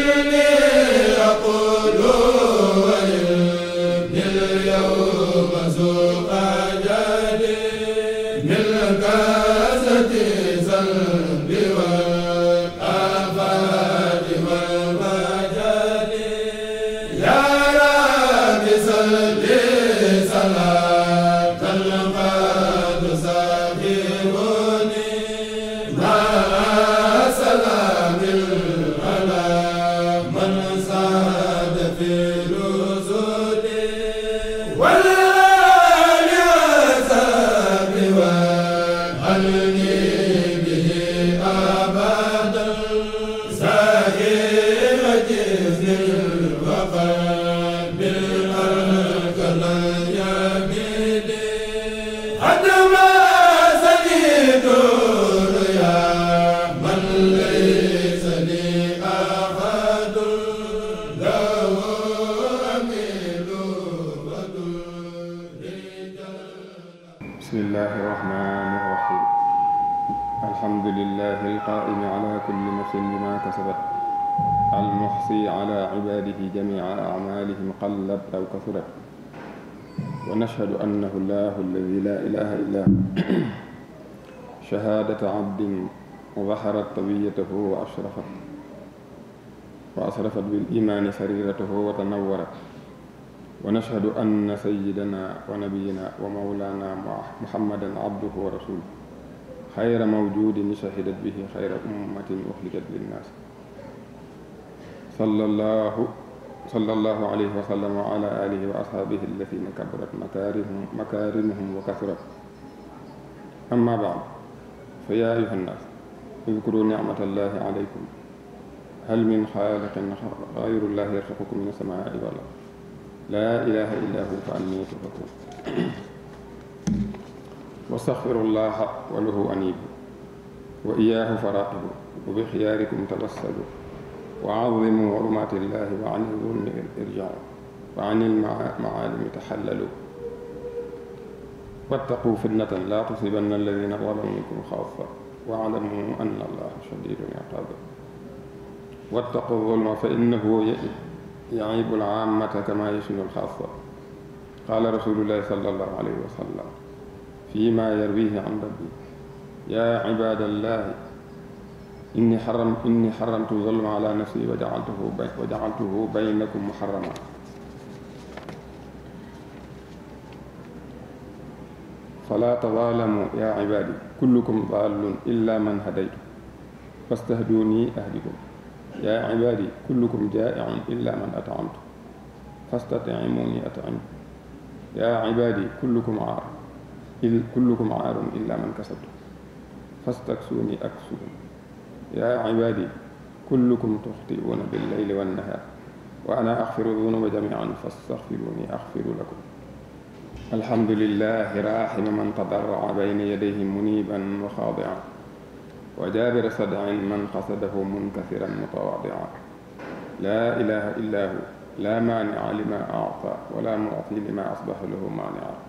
إني أقول ولليوم زور لله القائم على كل نفس بما كسبت المحصي على عباده جميع أعمالهم قلت أو كثرت ونشهد أنه الله الذي لا إله إلا هو شهادة عبد وبحرت طبيته وأشرفت وأصرفت بالإيمان سريرته وتنورت ونشهد أن سيدنا ونبينا ومولانا محمدا عبده ورسوله xayra mawjudin shahidat bihi xayra ummatin uxrijat linnaas sallallahu sallallahu alayhi wa sallam wa ala alihi wa ashaabihi alladina kabarat makarimhum makarimuhum wa kasurat amma baad fa yaa ayuha nnaas udkuru nicmat allahi alaykum hal min xaaliqin xayrullahi yarzuqukum min asamaai wal ard laa ilaha illa hu fa anni tufakun wastaxfirullaha wa lahu anibu wa iyaahu faraquhu wa bi xiyaarikum tawassalu wa azimu hurmatillahi wa an zulmi irjau wa an ilmaalimi taxallalu wattaqu fitnatan la tusibanna alladina zalamu minkum xaasa wa alamu anna allaha shadidul iqaab wattaqu zulma fa innahu yaibu al aamata kama yasunu al xaasa qaala rasulullahi sallallahu alayhi wa sallam فيما يرويه عن ربي يا عباد الله إني حرم إني حرمت الظلم على نفسي وجعلته بي وجعلته بينكم محرما فلا تظالموا يا عبادي كلكم ضال إلا من هديت فاستهدوني أهدكم يا عبادي كلكم جائع إلا من أطعمت فاستطعموني أطعمكم يا عبادي كلكم عار in kullukum aarun illa man kasabtu fastaksuuni aksukum yaa cibaadi kullukum tuxtiuuna billeyli wannahaar wa ana axfiru dunuba jamian fastaxfiruuni axfiru lakum alhamdulilahi raaxima man tadarraca bayna yadayhi muniiban wa xaadica wa jaabira sadcin man qasadahu munkasiran mutawaadica laa ilaha illaa hu laa maanica lima acta wala mucti lima asbaxa lahu maanica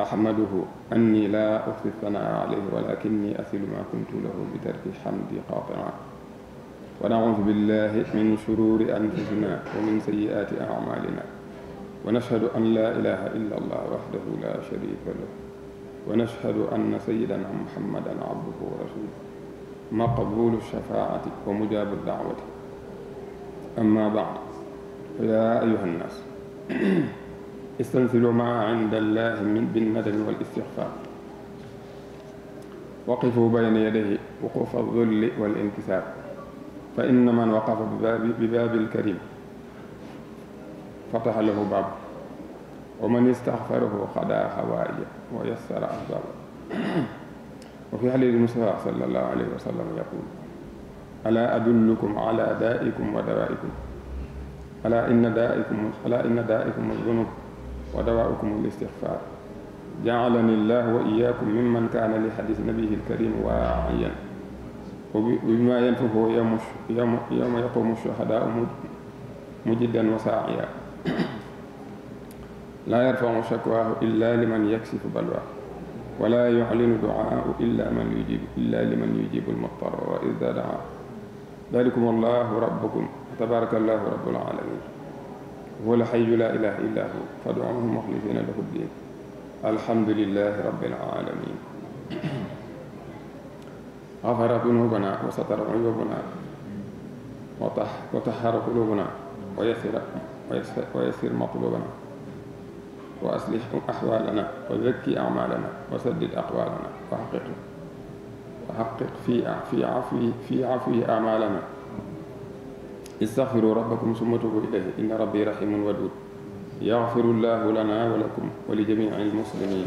أحمده أني لا أحصي الثناء عليه ولكني أصل ما كنت له بترك حمدي قاطعا ونعوذ بالله من شرور أنفسنا ومن سيئات أعمالنا ونشهد أن لا إله إلا الله وحده لا شريك له ونشهد أن سيدنا محمدا عبده ورسوله مقبول الشفاعة ومجاب الدعوة أما بعد فيا أيها الناس istanzilu ma inda allahi min binnadami wal istixfaar waqifu bayna yadayhi wuqufa zulli wal inkisaar fa inna man waqafa bi baabil karim fataha lahu baab wa man istaxfarahu xadaa xawaaja wa yassara asbaaba wa fi xadiisi Mustafaa sallallahu alayhi wa sallam yaqul alaa adullukum alaa daa'ikum wa dawaa'ikum alaa inna daa'ikum alaa inna daa'ikum zunub wa dawaa'ukum al-istighfaar ja'alani llahu wa iyyaakum mimman kaana li hadiis nabiyyihi al-kariim waa'iyan وبما ينفه يوم يوم يوم يقوم الشهداء مجدا وساعيا لا يرفع شكواه إلا لمن يكشف بلواه ولا يعلن دعاء إلا من يجيب إلا لمن يجيب المضطر وإذا دعاه ذلكم الله ربكم تبارك الله رب العالمين huwa alxayu laa ilaha illa hu fad'uuhu muxlisiina lahu ddiin alhamdulilahi rabbil alamin غفر ذنوبنا وستر عيوبنا وطهر قلوبنا ويسر ويسر مطلوبنا وأصلح أحوالنا وزكي أعمالنا وسدد أقوالنا وحقق وحقق في في عفو في عفو أعمالنا istaghfiru rabbakum summa tubu ilayhi inna rabbi rahimun wadud yaghfiru llahu lana wa lakum wa li jami'i al-muslimin